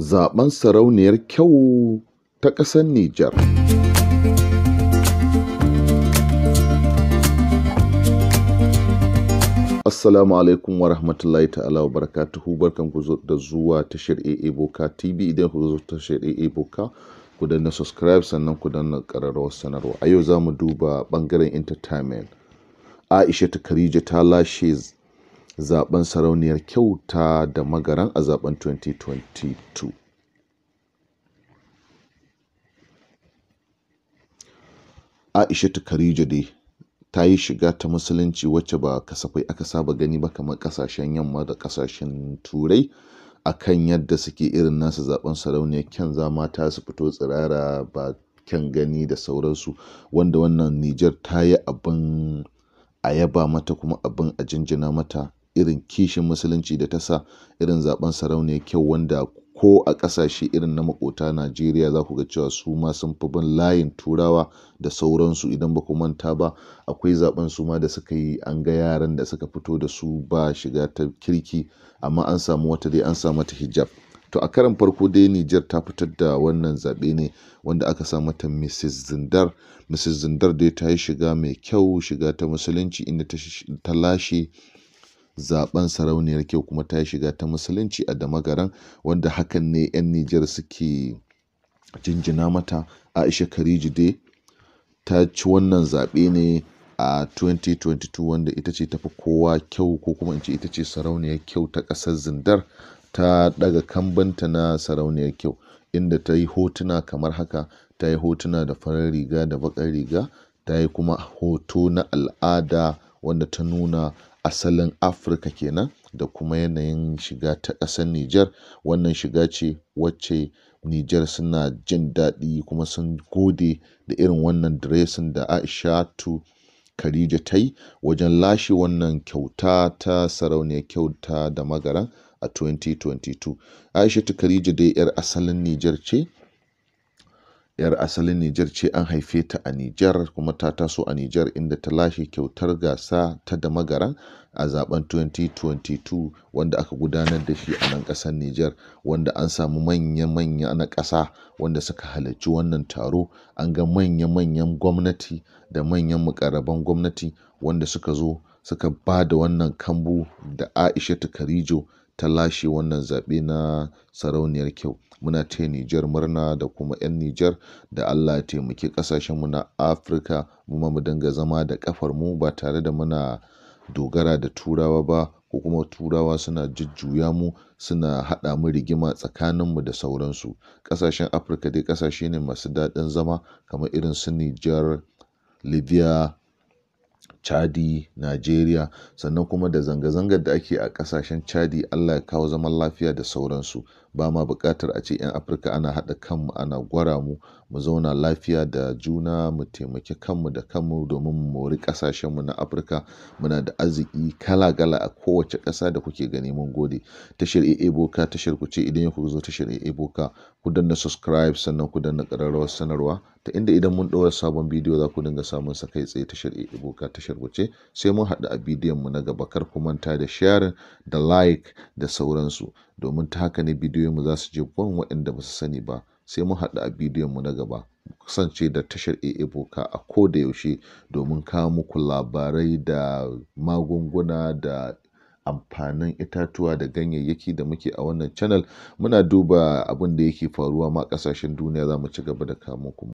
zaben sarauniyar kyau ta ƙasar Nijar. Assalamu alaikum wa rahmatullahi ta'ala wa barakatuhu barkan ku da zuwa tashar AA Boka TV idan ku zo tashar AA Boka ku danna subscribe sannan ku danna ƙararrawar sanarwa. A yau za mu duba ɓangaren entertainment. Aisha ta Khadija ta lashe zaben sarauniyar kyauta da magaran a zaben 2022 aishatu khadija dai ta yi shiga ta musulunci wacce ba kasafai aka saba gani ba kamar kasashen yamma da kasashen turai akan yadda suke irin nasu zaben sarauniyar kyan zama ta su fito tsirara ba kyan gani da sauransu wanda wannan nijar ta yi abin a yaba mata kuma abin a jinjina mata irin kishin musulunci da ta sa irin zaben sarauniya kyau wanda ko a ƙasashe irin na makota Najeriya za ku ga cewa su ma sun fi bin layin turawa da sauransu idan ba ku manta ba akwai zaben su ma da suka yi an ga yaran da suka fito da su ba shiga ta kirki amma an samu wata dai an samu ta hijab to a karan farko dai Nijar ta fitar da wannan zaɓe ne wanda aka sa mata Mrs. Zindar Mrs. Zindar dai ta yi shiga mai kyau shiga ta musulunci inda ta lashe zaben sarauniyar kyau kuma ta shiga ta musulunci a damagaran wanda hakan ne 'yan Nijar suke jinjina mata Aisha Kariji dai ta ci wannan zaɓe ne a 2022 wanda ita ce tafi kowa kyau ko kuma in ce ita ce sarauniyar kyau ta ƙasar zindar ta daga kambanta na sarauniyar kyau inda ta yi hotuna kamar haka ta yi hotuna da farar riga da baƙar riga ta yi kuma hoto na al'ada wanda ta nuna asalin Afirka kenan da kuma yanayin shiga ta ƙasar Nijar. Wannan shiga ce wacce Nijar suna jin daɗi kuma sun gode da irin wannan diresin da Aishatu Khadija ta yi wajen lashe wannan kyauta ta Sarauniyar Kyauta da Magaran a 2022. Aishatu Khadija dai 'yar asalin Nijar ce. 'yar asalin Nijar ce an haife ta a Nijar kuma ta taso a Nijar inda ta lashe kyautar gasa ta da magaran a zaben 2022 wanda aka gudanar da shi a nan ƙasar Nijar wanda an samu manya-manya na ƙasa wanda suka halarci wannan taro an ga manya-manyan gwamnati da manyan mukarraban gwamnati wanda suka zo suka ba da wannan kambu da Aisha Karijo ta lashe wannan zaɓe na sarauniyar kyau. Muna taya Nijar murna da kuma 'yan Nijar da Allah ya taimaki ƙasashenmu na Afirka muma mu dinga zama da ƙafar mu ba tare da muna dogara da Turawa ba ko kuma Turawa suna jujjuya mu suna haɗa mu rigima tsakaninmu da sauransu. Ƙasashen Afirka dai ƙasashe ne masu daɗin zama kamar irin su Nijar, Libya, Chadi, nigeria sannan kuma da zanga-zangar da ake a ƙasashen Chadi Allah ya kawo zaman lafiya da sauransu. ba ma buƙatar a ce 'yan afirka ana haɗa kanmu ana gwara mu mu zauna lafiya da juna mu taimaki kanmu da kanmu domin mu mori ƙasashenmu na afirka muna da arziki kala-kala a kowace ƙasa da kuke gani mun gode tashar AA Boka tashar ku ce idan ku zo tashar AA Boka ku danna subscribe sannan ku danna ƙararrawar sanarwa ta inda idan mun ɗora sabon bidiyo za ku dinga samun sa kai tsaye tashar AA Boka tashar ku ce sai mun haɗu a bidiyon mu na gaba kar ku manta da sharing da like da sauransu domin ta haka ne bidiyo bidiyonmu za su je gun waɗanda ba su sani ba sai mun haɗu a bidiyonmu na gaba mu kasance da tashar AA Boka a ko da yaushe domin kawo muku labarai da magunguna da amfanin itatuwa da ganyayyaki da muke a wannan channel muna duba abin da yake faruwa ma ƙasashen duniya za mu ci gaba da kawo muku